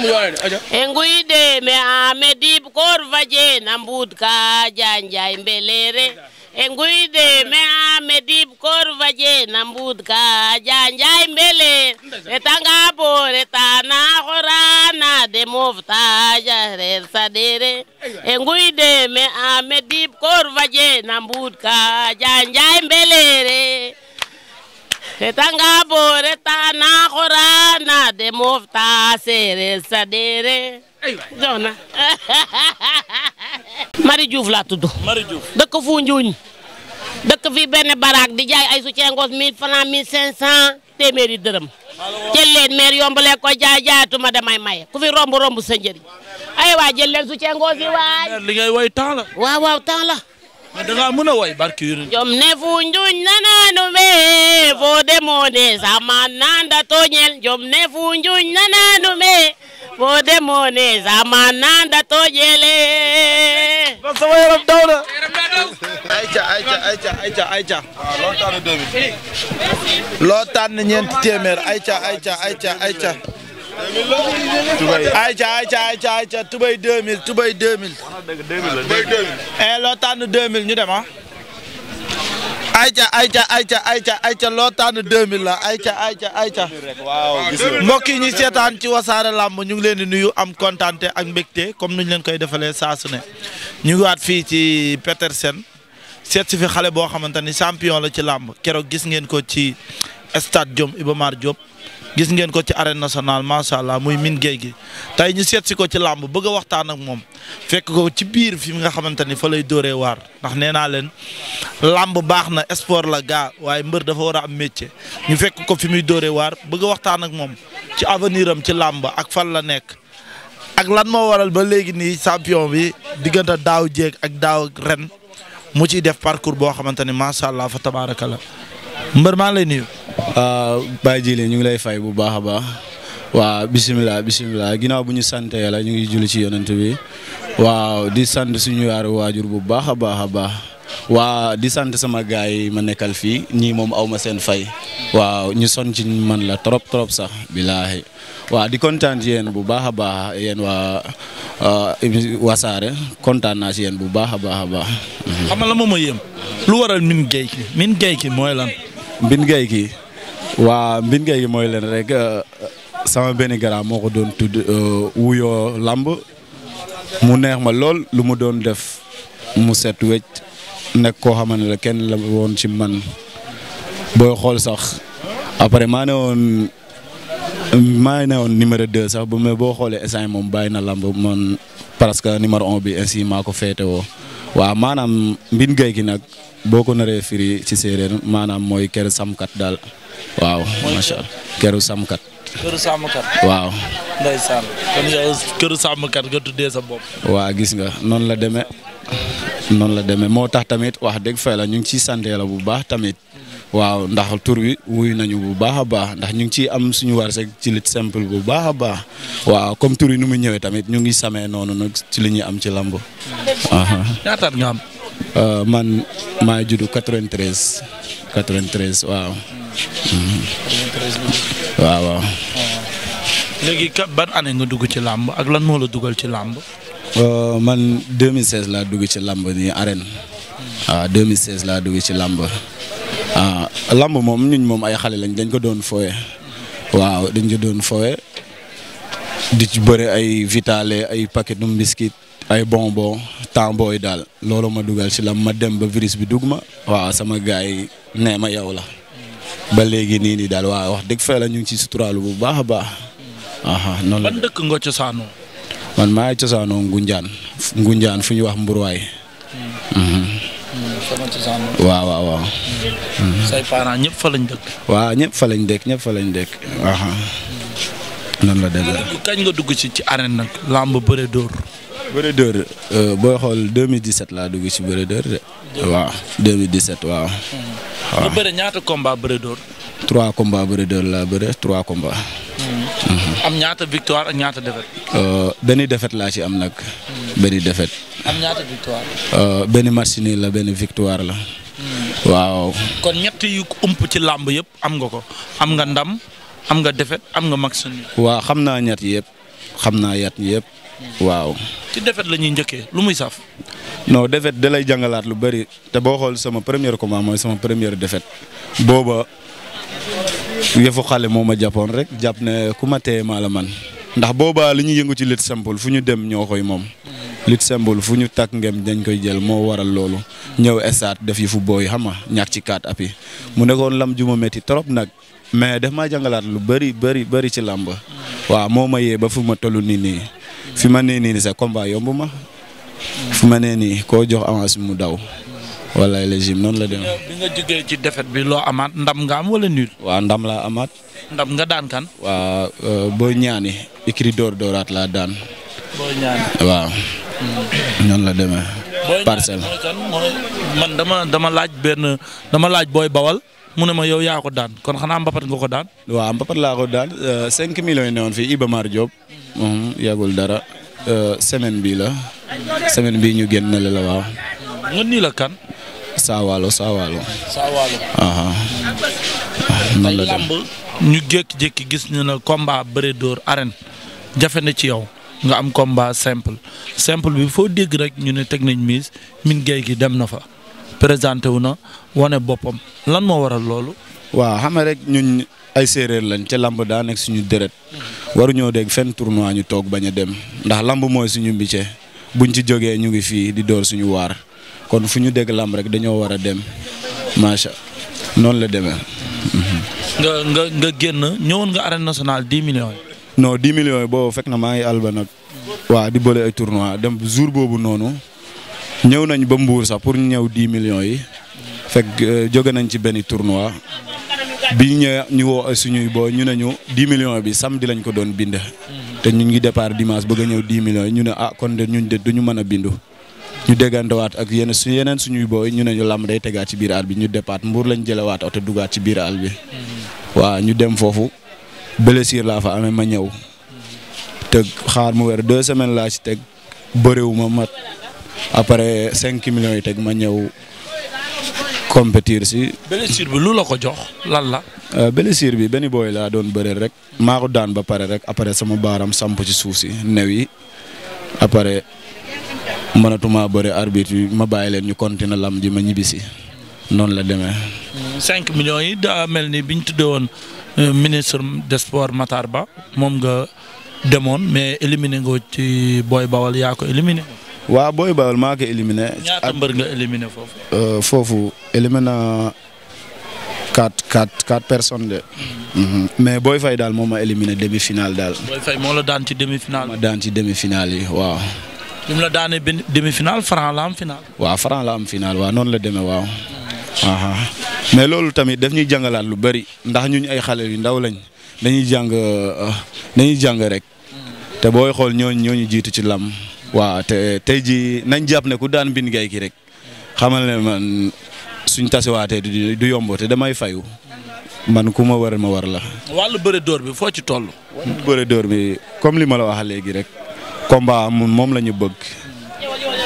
enguyde me amedib korvaje nambud ka janjay mbelere enguyde me amedib korvaje nambud ka janjay mbelere retanga bore tana horana de mofta jarer sadere enguyde me amedib korvaje nambud ka janjay mbelere Tetanga bore ta na khora na de mofta sere sadere. Jona. Mari Diouf laa tudd. Mari Diouf dëkk dëkk fii benn baraak di jaay ay soutien ngos 1000 francs 1500 téeméeri dërëm. jël meer yombalee ko jaay jaayatuma damay maye ku fi romb romb sa njëriñ. ay waa jël yi waay. li ngay way mais da ngaa mën a woy barki yu jom ne fu njuñ nanaanu be foo jom ne fu njuñ nanaanu be foo demoo de sama nanda tooñele na ayca ayca ayca loo tànn deux ñeenti téeméer ayca ayca ayca tubay ayca ayca ayca ayca tubay 2000 tubay 2000. tubay 2000. loo tànn 2000 ñu dem ah. ayca ayca ayca ayca ayca loo tànn 2000 la ayca ayca ayca. waaw gis mbokk yi ñuy seetaan ci wasaare làmb ñu ngi leen di nuyu am kontaante ak mbégte comme nuñ leen koy defalee saa ne. ñu ngi waat fii ci Petersen seet si fi xale boo xamante ni champion la ci làmb keroog gis ngeen ko ci stade Diom Iba Mar gis ngeen ko ci arène nationale macha allah muy min géey gi tey ñu seet si ko ci làmb bëgg waxtaan ak moom fekk ko ci biir fi nga xamante ni fa lay dooree waar ndax nee naa leen làmb baax na sport la gaa waaye mbër dafa war a am métier ñu fekk ko fi muy dooree waar bëgg waxtaan ak moom ci avenir am ci làmb ak fan la nekk ak lan moo waral ba léegi nii champion bi diggante daaw jéeg ak daaw ren mu ci def parcours boo xamante ni macha allah fa tabaaraka la mbër maa lay nuyu. Ah, Baye Jili ñu ngi lay fay bu baax a baax waa bisimilah bisimilah ginnaaw bu ñu sant yàlla ñu ngi julli ci yonent bi waaw di sant suñu waaru waajur bu baax a baax a baax waa di sant sama gars yi ma nekkal fii ñii moom aw ma seen fay waaw ñu son ci man la trop trop sax bilaahi waa di kontaan ci yéen bu baax a baax yéen waa ah, wasaare kontaan naa ci yéen bu baax a baax a baax. moom a yéem lu waral min gay ki min gay ki mooy lan. min gay ki. waa mbin gay gi mooy leen rek euh, euh, sama benn garaa moo ko doon tudd euh, wuyo làmb mu neex ma lool lu mu doon def mu set wecc nekk koo xamante ne kenn la woon ci man booy xool sax après maa ne woon maa ne woon numéro 2 sax bu mais boo xoolee instant moom bàyyi na làmb man parce que numéro 1 bi ainsi maa ko féete woo waaw maanaam mbin gay gi nag boo ko naree firi ci séeréer maanaam mooy kër samkat daal waaw macha allah këru sàmmkat. këru sàmmkat. waaw. ndeysaan sàmmkat nga tuddee sa bopp. waa gis nga noonu la demee noonu la demee moo tax tamit wax dëgg fay la ñu ngi ciy sant la bu baax tamit. waaw ndax tur wi wuy nañu bu baax a baax ndax ñu ngi ciy am suñu war warseeg ci lit simple bu baax a baax waaw comme tur yi nu muy ñëwee tamit ñu ngi samee noonu nag ci li ñuy am ci lamb. ñaata at nga am. Euh, man maa ngi judd 93 93 waaw. waaw waaw. léegi ka ban année nga dugg ci làmb ak lan moo la dugal ci làmb. Euh, man 2016 laa dugg ci làmb nii arène. waaw ah, 2016 laa dugg ci làmb. ah làmb moom ñun moom ay xale lañ dañ ko doon fooye. waaw dañ ko doon fooye. di ci bëri ay vitale ay paquetu biscuit ay bonbon yi daal loolu ma dugal ci làmb ma dem ba virus bi dugg ma waaw sama gars yi nee ma yow la. ba léegi nii nii daal waaw wax dëgg fee la ñu ngi ci suturaalu bu baax a baax. noonu la dëkk nga cosaanoo. man maa ngi cosaanoo Ngunjaan Ngunjaan fu ñu wax Mburuwaay. sama mhm. cosaan waaw waaw waaw. Mhm. say ñëpp fa lañ dëkk. waaw ñëpp fa lañ dëkk ñëpp fa lañ dëkk. la demee. kañ nga dugg ci ci arène nag. làmb bëre dóor. bëre dóor euh, booy xool 2017 laa dugg ci bëre dóor de. waaw 2017 waaw. Hmm. waaw lu bëre ñaata combat bëre dóor. trois combats bëre laa bëre trois combats. Hmm. Hmm. am ñaata victoire ak ñaata défaite. Euh, benn défaite laa ci am nag. benn défaite. am ñaata euh, benn match benn victoire la. waaw. kon ñett ump ci làmb yëpp am nga ko am nga ndam am nga defet am nga match nii. waaw xam naa ñett yëpp xam naa yat yëpp waaw. ci defet la ñuy njëkkee lu muy saf. non defet da lay jàngalaat lu bari te boo xool sama première combat mooy sama première defet booba yëfu xale moo ma jàppoon rek jàpp ne ku ma téye maa la man ndax boobaa li ñu yëngu ci lit simple fu ñu dem ñoo koy moom. lutte simple fu ñu takk ngem dañ koy jël moo waral loolu ñëw estaat def yi fu booy xam nga ñàkk ci kaat api mu nekkoon lam ju ma métti trop nag mais daf maa jàngalaat lu bëri bari bëri ci làmb waaw moo ma ba fu ma toll nii nii. fi ma nee nii sa combat yomb ma fi ma nee nii koo jox avance mu daw wallaay légime noonu la demee. bi nga jógee ci défaite bi loo amaat ndam nga am wala nul. waaw ndam laa amaat. ndam nga daan kan. waa euh, boo ñaani écrit door dooraat laa daan. boo hmm. noonu la demee. parcelle man dama dama laaj benn dama laaj booy bawal. mu ne ma yow yaa ko daan kon xanaa mbapat nga ko daan. waaw mbapat laa ko daan 5 euh, millions yi newoon fii Iba Mar Diop. yàggul dara euh, semaine bii la semaine bii ñu génn la waaw. nga nii la kan. Saawaalo Saawaalo. Saawaalo. noonu la dem ñu jékki-jékki gis ñu ne combat bëre dóor arène jafe na ci yow nga am combat simple simple bi foo dégg rek ñu ne teg nañ mise min géej gi dem na fa. présenté wu na wane boppam lan moo waral loolu. waa xam rek ñu ay séeréer lañ ca lamb daa nekk suñu deret waruñoo dégg fenn tournoi ñu toog bañ a dem ndax lamb mooy suñu métier buñ ci jógee ñu ngi fii di door suñu waar kon fu ñu dégg lamb rek dañoo war a dem macha noonu la demee. Mhm. nga nga nga génn ñëwoon nga arène nationale 10 millions yi. non 10 millions yi boobu fekk na maa ngi àll ba nag. waa di bële ay tournoi dem jour boobu noonu. ñëw nañ ba Mbour sax pour ñu ñëw 10 millions yi fekk euh, jóge nañ ci benn tournoi bi ñëwee ñu woo suñuy boo ñu ne ñu 10 million bi sam di lañ ko doon bind. te ñu ngi départ dimanche bëgg a ñëw 10 million yi ñu ne ah kon de ñun de du ñu mën a bindu. ñu déggantewaat ak yenn su yeneen suñuy booy ñu ne ñu làmb day tegaat ci biir àll bi ñu depaat mbuur lañ jëlewaat oto dugaat ci biir àll bi. waaw ñu dem foofu blessure laa fa amee ma ñëw. te xaar mu weer deux semaines laa ci teg bëriwuma ma après cinq millions yi teg ma ñëw compétir si. blessure bi lu la ko jox lan la. Euh, blessure bi benn booy laa doon bëreel rek maa ko daan ba pare rek après sama baaram samp ci suuf si new yi après mënatuma bëre arbitre yi ma bàyyi leen ñu continuer lam ji ma ñibbisi noonu la demee. cinq millions yi daa mel ni biñ tuddee woon euh, ministre des sports Ba moom nga demoon mais éliminé nga ci booy bawal yaa ko éliminé. waa booy bawal maa ko éliminé. ñaata foofu. Euh, foofu éliminé quatre quatre quatre personnes de. Mm-hmm. Mm-hmm. mais booy fay daal moom ma éliminé demi final daal. booy moo la daan ci demi final. daan ci demi final yi waaw. bi la daanee benn demi final franc la am final. waa franc la am waaw noonu la demee waaw. mais loolu tamit daf ñuy jàngalaat lu bari ndax ñuñ ay xale yu ndaw lañ dañuy jàng euh, dañuy jàng rek. Mm. te booy xool ñooñu ñooñu jiitu ci lam waaw te tey jii nañ jàpp ne ku daan Mbine Gaye ki rek xamal ne man suñ tasewaatee du du yomb te damay fayu man ku ma war ma war la. wàllu bëre dóor bi foo ci toll. wàllu bëre dóor bi comme li ma la wax léegi rek combat amul moom la ñu bëgg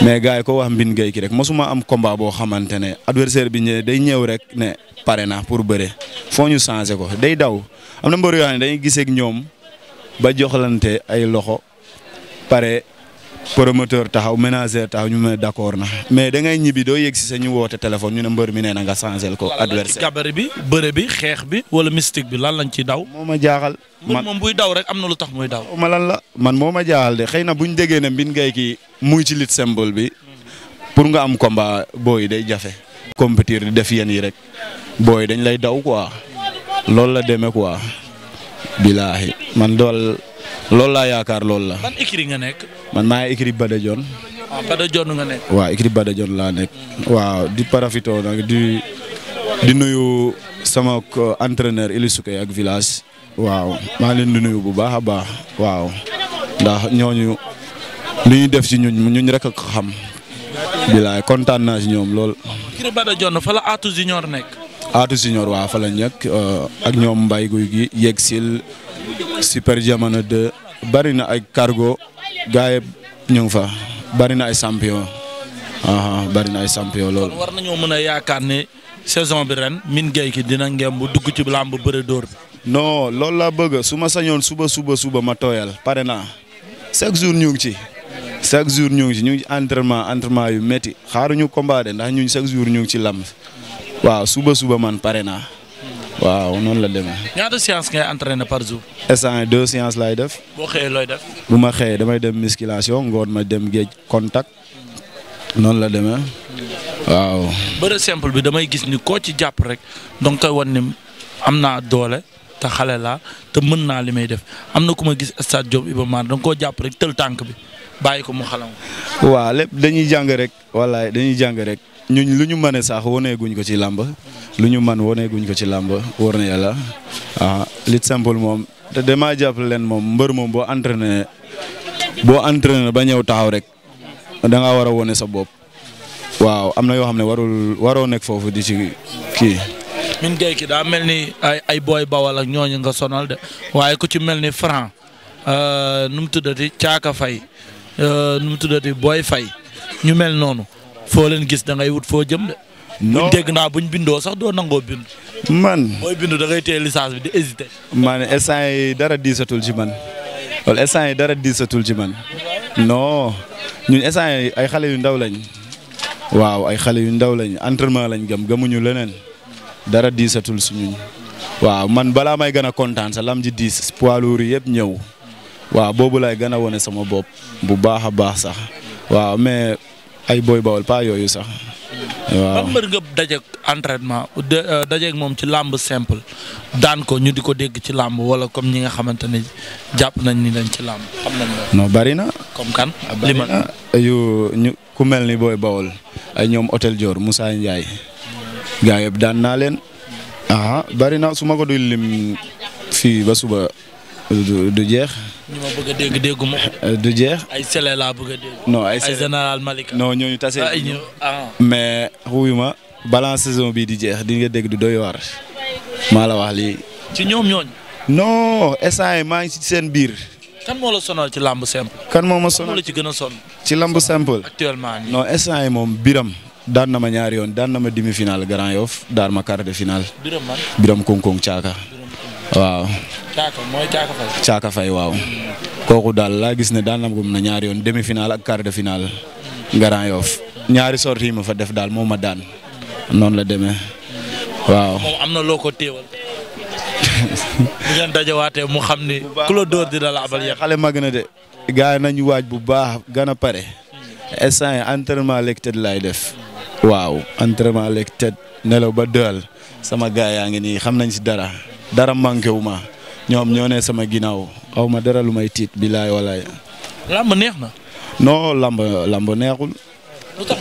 mais gars ko wax Mbine Gaye ki rek mosuma am combat boo xamante ne adversaire bi ñëwee day ñëw rek ne pare na pour bëre foo ñu changé ko day daw am na mbër yoo xam ne ñoom ba joxlante ay loxo pare. promoteur taxaw ménageur taxaw ñu ne d' accord na mais da ngay ñibbi doo yegg si sa ñu woote téléphone ñu ne mbër mi nee na nga ko. adversaire bi bëre bi xeex bi. wala mystique bi lan lañ ci daw. moo a jaaxal. man moom a daw rek am na lu tax muy daw. ma lan la man moo ma jaaxal de xëy na bu ñu déggee ne mbin ngay kii muy ci lit symbole bi pour nga am combat booy day jafe. compétir di def yéen yi rek booy dañ lay daw quoi loolu la demee quoi. bilaahi man loolu laa yaakaar loolu la. ban nga nekk. man maa ngi écurie Bada Dione. waaw ah, Bada Dione nga nekk. waaw laa nekk. waaw di parafito nag di di nuyu sama entraîneur Ilisuke ak village. waaw maa leen di nuyu bu baax a baax. waaw ndax ñooñu lu ñuy def ci ñuñ ñun rek a ko xam. bilaay kontaan naa ci ñoom lool. écurie Bada Junior nekk. Atou Junior waa fa la ñu euh, ak ñoom mbay Guy gi yegg sil super jamono de bari na ay cargo gaay ñu ngi fa bari na ay champion bari na ay champion loolu. war nañoo mën a yaakaar ne saison bi ren min gay ki dina ngem bu dugg ci làmb bëre dóor bi. non loolu laa bëgg su sañoon suba suba suba ma tooyal pare naa chaque jour ñu ngi ci. chaque jour ñu ngi ci ñu entrement entrement yu métti xaaruñu combat de ndax ñu chaque jour ñu ngi ci lam waaw suba suba man pare waaw noonu la demee. ñaata séance ngay na par jour. instant yii deux lay laay def. boo xëyee looy def. bu ma xëyee damay dem musculation ngoon ma dem géej contact noonu la demee waaw. bëre simple bi damay gis ni koo ci jàpp rek donc koy wan ni am naa doole te xale laa te mën naa li may def am na ku ma gis stade Diop Iba Mar danga koo jàpp rek tël tànk bi bàyyi ko mu xalam. waaw lépp dañuy jàng rek. wallaay dañuy jàng rek. ñuñ lu ñu mën sax woneeguñ ko ci làmb lu ñu man woneeguñ ko ci làmb war na yàlla ah lit simple moom te damaa jàpp leen moom mbër moom boo entraîné boo entraîné ba ñëw taxaw rek danga ngaa war a wone sa bopp waaw am na yoo xam ne warul waroo nekk foofu di ci kii. ñun géej ki daa mel ni ay ay booy bawal ak ñooñu nga sonal de waaye ku ci mel ni franc euh, nu mu tuddati caaka fay euh, nu mu tuddati booy fay ñu mel noonu. foo leen gis da ngay wut foo jëm de. non buñ dégg naa buñ bindoo sax doo nangoo bind. man booy bindu da ngay téye bi di hésité. man instant yi dara diisatul ci man loolu instant yi dara diisatul ci man non ñun instant yi ay xale yu ndaw lañ waaw ay xale yu ndaw lañ entraînement lañ gëm gëmuñu leneen dara diisatul si ñun waaw man balaa may gën a kontaan sa lam ji diis poids lourd yëpp ñëw waaw boobu lay gën a wane sama bopp bu baax a baax sax waaw mais. ay booy bawol pas yooyu sax. waaw ban mbër nga euh, moom ci làmb simple daan ko ñu di ko dégg ci làmb wala comme ñi nga xamante ne jàpp nañ ni dañ ci làmb xam nañ la. bari na. comme kan li man yu ku mel ni booy bawol ay ñoom hôtel Dior Moussa Ndiaye. gaa yëpp daan naa leen. ah bari na su ma ko dul lim fii ba suba Euh, du jeex. ñi ma bëgg a dégg déggu ma. Euh, du jeex. ay Sele laa bëgg a dégg. non ay général Malika. non ñooñu tase. Ah. mais xuyu ma balance saison bii di jeex di nga dégg du doy waar. maa la wax lii. ci ñoom ñooñ non instant maa ngi si seen biir. kan moo la sonal ci lamb simple. kan moo ma sonal la ci gën a sonn. ci lamb simple. actuellement nii yi moom biram daan na ma ñaari yoon daan na ma demi final Grand Yoff daan ma quart de finale. biram man biram caaka. waaw. Caaka mooy Caaka Faye. Caaka waaw. kooku daal laa gis ne daan na ko ñaari yoon demi final ak quart de finale. Grand Yoff ñaari sorties yi ma fa def daal moom a daan. noonu la demee. waaw moom am na loo ko téewal. bu mu xam ni. ku la dóor dina la xale mag de. gars yi nañu waaj bu baax gën a pare. instant yii entraînement lekk lay laay def. waaw entraînement lekk tët nelaw ba dël sama gaay yaa ngi nii xam nañ si dara dara manqué wu ma ñoom ñoo ne sama ginnaaw aw ma dara lu may tiit bilaay walaay. lamb neex na. non lamb lamb neexul.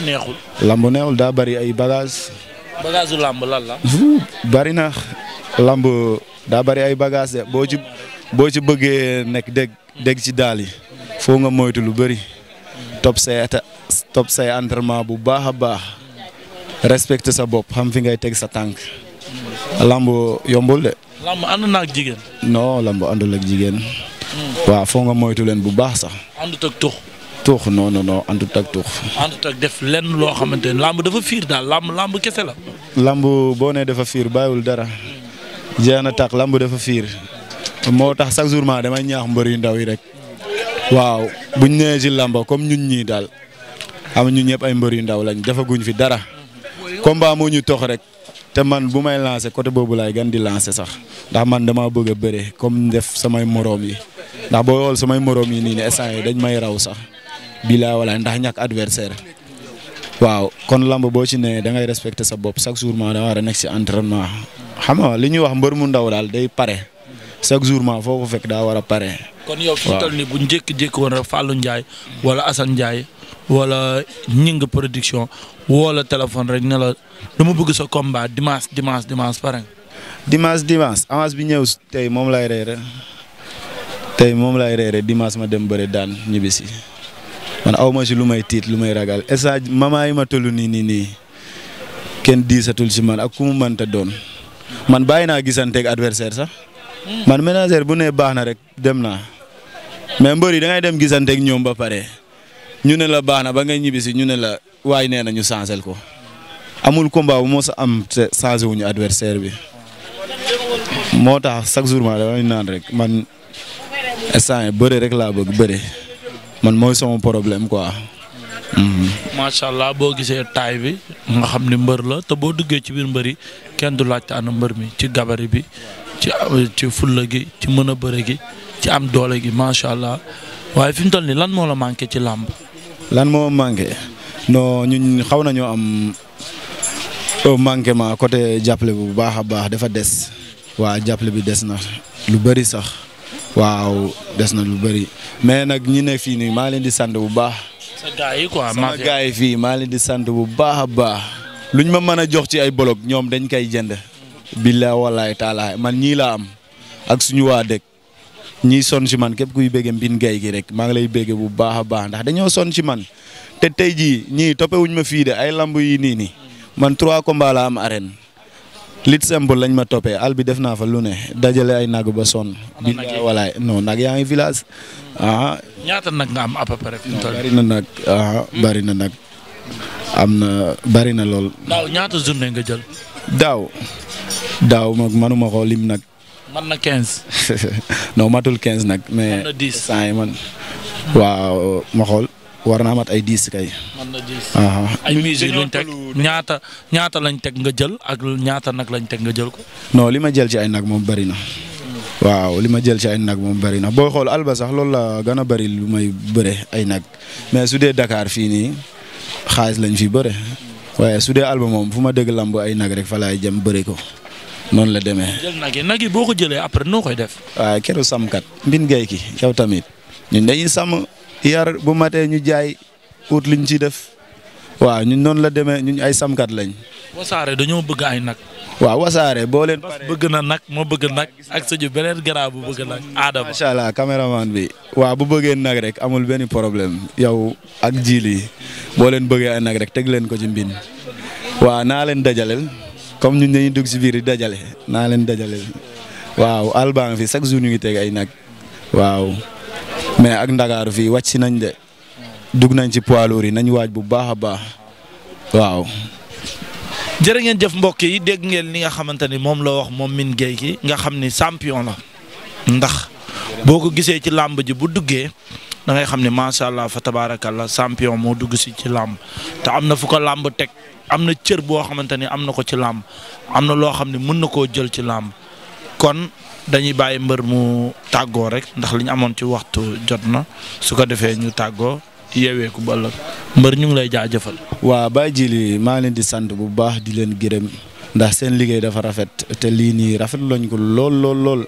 neexul. lamb neexul daa bari ay bagages. bagage lan la. na lamb daa bari ay bagages boo ci boo ci bëggee nekk dégg dégg ci daal yi foo nga moytu lu bari top say top say entraînement bu baax a baax respecte sa bop xam fi ngay teg sa tànk. lamb yombul de. lamb ànd na ak jigéen. non lamb àndul ak jigéen. waaw foo nga moytu leen bu baax sax. àndut ak tux. tux non non non àndut ak tux. àndut ak def lenn loo xamante ne lamb dafa fiir daal lamb lamb kese la. lamb boo nee dafa fiir bàyyiwul dara. jeex na tax lamb dafa fiir. moo tax chaque jour ma damay ñaax mbër yu ndaw yi rek. waaw buñ nee ci lamba comme ñun ñi daal am ñun ñëpp ay mbër yu ndaw lañ defaguñ fi dara. combat moo ñu tox rek. te man bu may lancé côté boobu laay gan di lancé sax ndax man damaa bëgg a comme def samay moroom yi ndax boo xool samay moroom yi nii ne instant dañ may raw sax bilaa wala ndax ñakk adversaire waaw kon lamb boo ci nee da ngay respecté sa bopp chaque jour ma da war a nekk si entraînement xam nga li ñuy wax mbër mu ndaw daal day pare chaque jour ma foo ko fekk daa war a pare. kon yow fi toll nii bu njëkk-njëkk woon rek Fallou Ndiaye wala Assane Ndiaye wala ñing production wala téléphone rek ne la dama bëgg sa combat dimanche dimanche dimanche pare. dimanche dimanche avance bi ñëw tey moom lay reere tey moom lay reere dimanche ma dem bëre daan ñibbisi man aw ma lu may tiit lu may ragal estage mama yi ma toll nii nii nii kenn diisatul si man ak ku mu mënta doon man bàyyi naa gisanteeg adversaire sax hmm. man ménagère bu ne baana rek dem naa mais mbër yi da dem gisanteeg ñoom ba pare. ñu ne la baax na ba ngay ñibbisi ñu ne la waaye nee na ñu changé ko amul ko bu mos a am te changé wuñu adversaire bi moo tax chaque jour ma dama naan rek man instant bëre rek laa bëgg bëre man mooy sama problème quoi. Mhm. macha allah boo gisee taay bi nga xam ni mbër la te boo duggee ci biir mbër yi kenn du laajte ana mbër mi ci gabari bi ci ci fulla gi ci mën a bëre gi ci am doole gi macha allah waaye fi mu toll nii lan moo la manqué ci làmb. lan moo manqué no ñu xaw nañoo am euh, manquement côté jàppale bu baax a baax dafa des waa jàppale bi des na lu bari sax waaw des na lu bëri mais nag ñi ne fii nii maa leen di sant bu baax. fii maa di sant bu baax a baax. luñ ma mën a jox ci ay bolog ñoom dañ koy jënd. billaa wallaay taalaay man ñii laa am ak suñu waa dëkk. ñiy son si man képp kuy béggee mbin gay gi rek maa ngi lay béggee bu baax a baax ndax dañoo son si man te tey jii ñii toppewuñ ma fii de ay lamb yi nii nii man trois combats la am arène lit simple lañ ma toppee al bi def naa fa lu ne dajale ay nag ba sonn. bi walaay non nag yaa ngi village. ah ñaata nag nga am à peu près. bari na nag ah, bari na nag am na bari na lool. daaw ñaata journée nga jël. daaw daaw mag manuma ko lim nag. man na 15. non matul 15 nag. mais man na yi man. waaw ma xool war naa mat ay 10 kay. man na 10. ay mise luñ ñaata ñaata lañ teg nga jël ak ñaata nag lañ teg nga jël ko. non li ma jël ci ay nag moom bari na. waaw li ma jël ci ay nag moom bari na booy xool alba sax loolu la gën a bari lu may bëre ay nag mais su dee Dakar fii nii xaalis lañ fi bëre waaye su dee alba moom fu ma dégg lamb ay nag rek fa laay jëm bëri ko. noonu la demee. jël nag yi nag yi boo ko jëlee après noo koy def. waaw keru sàmmkat. mbin gay ki yow tamit ñun dañuy sam yar bu matee ñu jaay ut liñ ciy def waaw ñun noonu la demee ñun ay sàmmkat lañ. wasaare dañoo bëgg ay nag. waaw wasaare boo leen. bëgg na nag moo bëgg nag ak sa ju beneen garab bëgg nag. aadama macha allah caméraman bi. waaw bu bëggee nag rek amul benn problème yow ak jiili boo leen bëggee ay nag rek teg leen ko ci mbin. waaw naa leen dajaleel. comme ñun dañuy dugg ci biir di dajale naa leen dajale waaw albaan fii chaque jour ñu ngi teg ay nag waaw mais ak ndagaaru fii wàcc si nañ de dugg nañ ci poids yi nañ waaj bu baax a baax waaw. jërë ngeen jëf mbokk yi dégg ngeen li nga xamante ni moom loo wax moom Mine Gueye ki nga xam ni champion la ndax boo ko gisee ci làmb ji bu duggee. da ngay xam ne macha allah fa tabarakallah sampion moo dugg si ci làmb te am na fu ko làmb teg am na cër boo xamante ni am na ko ci làmb am na loo xam ne mën na koo jël ci làmb kon dañuy bàyyi mbër mu tàggoo rek ndax li ñu amoon ci waxtu jot na su ko defee ñu tàggoo yeewee ku ba ëllëg mbër ñu ngi lay jaajëfal. waa Baye Djili maa leen di sant bu baax di leen gërëm ndax seen liggéey dafa rafet te lii nii rafet lañ ko lool lool.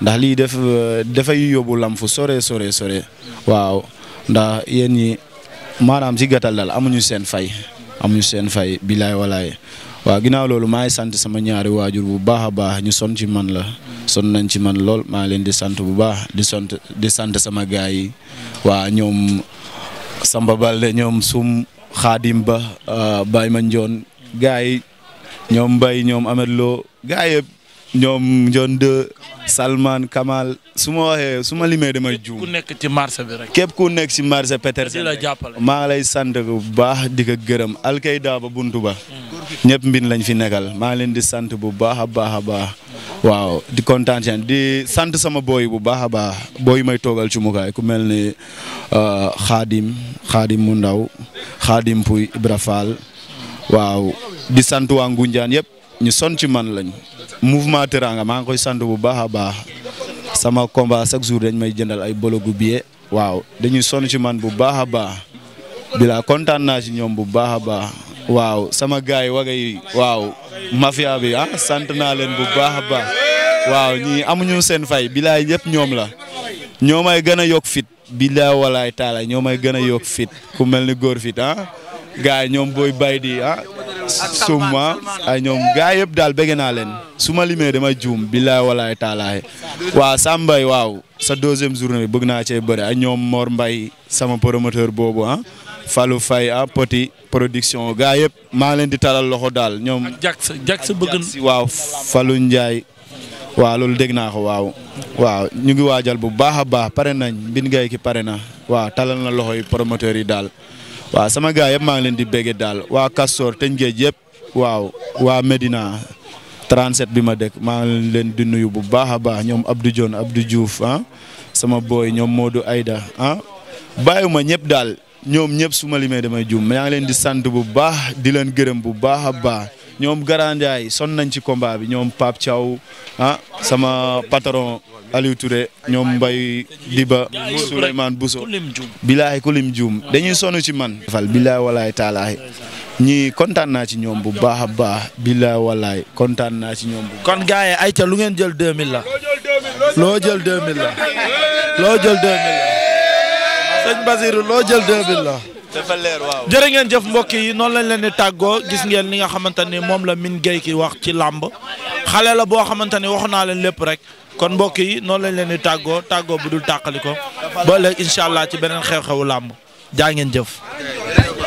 ndax lii def euh, dafay yóbbu lam fu sore sore sore waaw ndax yéen ñi maanaam si gàttal daal amuñu seen fay amuñu seen fay bilaay walaay waaw ginnaaw loolu maay sant sama ñaari waajur bu baax a baax ñu son ci man la son nañ ci man lool maa leen di sant bu baax di sant di sant sama gaay yi waa ñoom Samba Balde ñoom Sum Xaadim Ba ma euh, Mandione gaay yi ñoom Mbaye ñoom Amadou Lo gaay ñoom Ndione 2 Salman Kamal su ma waxee su ma limee damay juum. ku nekk ci marché bi rek. képp ku nekk ci marché Petersen la jàppale. maa lay sant bu baax di gërëm alkayda ba buntu ba. Mm. ñëpp mbin lañ fi nekkal maa leen di sant bu baax a baax a baax. waaw di kontaan seen di sant sama booy bu baax a baax booy may toogal ci mukaay ku mel ni xaadim euh, xaadim mu ndaw xaadim puy Ibra waaw di sant waa Ngunjaan yëpp. ñu son ci man lañ mouvement Teranga maa ngi koy sant bu baax a baax sama combat chaque jour dañ may jëndal ay bologu billet waaw dañuy son ci man bu baax a baax bilaa kontaan naa ci ñoom bu baax a baax waaw sama gars yi waga waaw mafia bi ah, sant naa leen bu baax a baax waaw ñii amuñu seen fay bilaay yëpp ñoom la ñoo may gën a yokk fit bilaay walaay taala ñoo may gën a yokk fit ku mel ni góor fit ah gars yi ñoom booy bay di ah summa ay ñoom gaa yëpp daal bëgg naa leen su ma limee dama juum billaay walaay taalaay waaw Sambay waaw sa deuxième journée bi bëgg naa cee bëri ay ñoom Mor Mbay sama promoteur boobu ah Fallou Faye ah, Poti production gaa yëpp maa ngi leen di talal loxo daal ñoom. jak sa jak sa bëgg waaw falu Ndiaye. waaw loolu dégg naa ko waaw. waaw ñu ngi waajal bu baax a baax pare nañ mbin gay ki pare na waaw talal na loxo yi promoteurs yi daal. waaw sama gars yëpp maa ngi leen di béggee daal waa Castor Tëngéej yëpp waaw waa Medina 37 bi ma dëkk maa ngi leen di nuyu bu baax a baax ñoom Abdou Dione Abdou juuf ah sama booy ñoom Modou Aida ah bàyyiwuma ñëpp daal ñoom ñëpp suma ma limee damay juum maa ngi leen di sant bu baax di leen gërëm bu baax a baax. ñoom garandiaay son nañ ci combat bi ñoom Pape Thiaw ah sama pataron Aliou Touré ñoom Mbaye Diba Souleymane Bousso bilaay kulim juum dañuy sonn ci man fal bilaay walaay taalaay kontaan naa ci ñoom bu baax a baax bilaay walaay kontaan naa ci ñoom bu kon gars ay ca lu ngeen jël 2000 la loo jël 2000 la jël 2000 loo jël la dafa leer waaw. jërë ngeen jëf mbokk yi noonu lañ leen di tàggoo gis ngeen li nga xamante ni moom la Mine Gueye ki wax ci làmb xale la boo xamante ni wax naa leen lépp rek kon mbokk yi noonu lañ leen di tàggoo tàggoo bu dul tàqali ko ba léegi incha allah ci beneen xew-xewu làmb jaa ngeen jëf.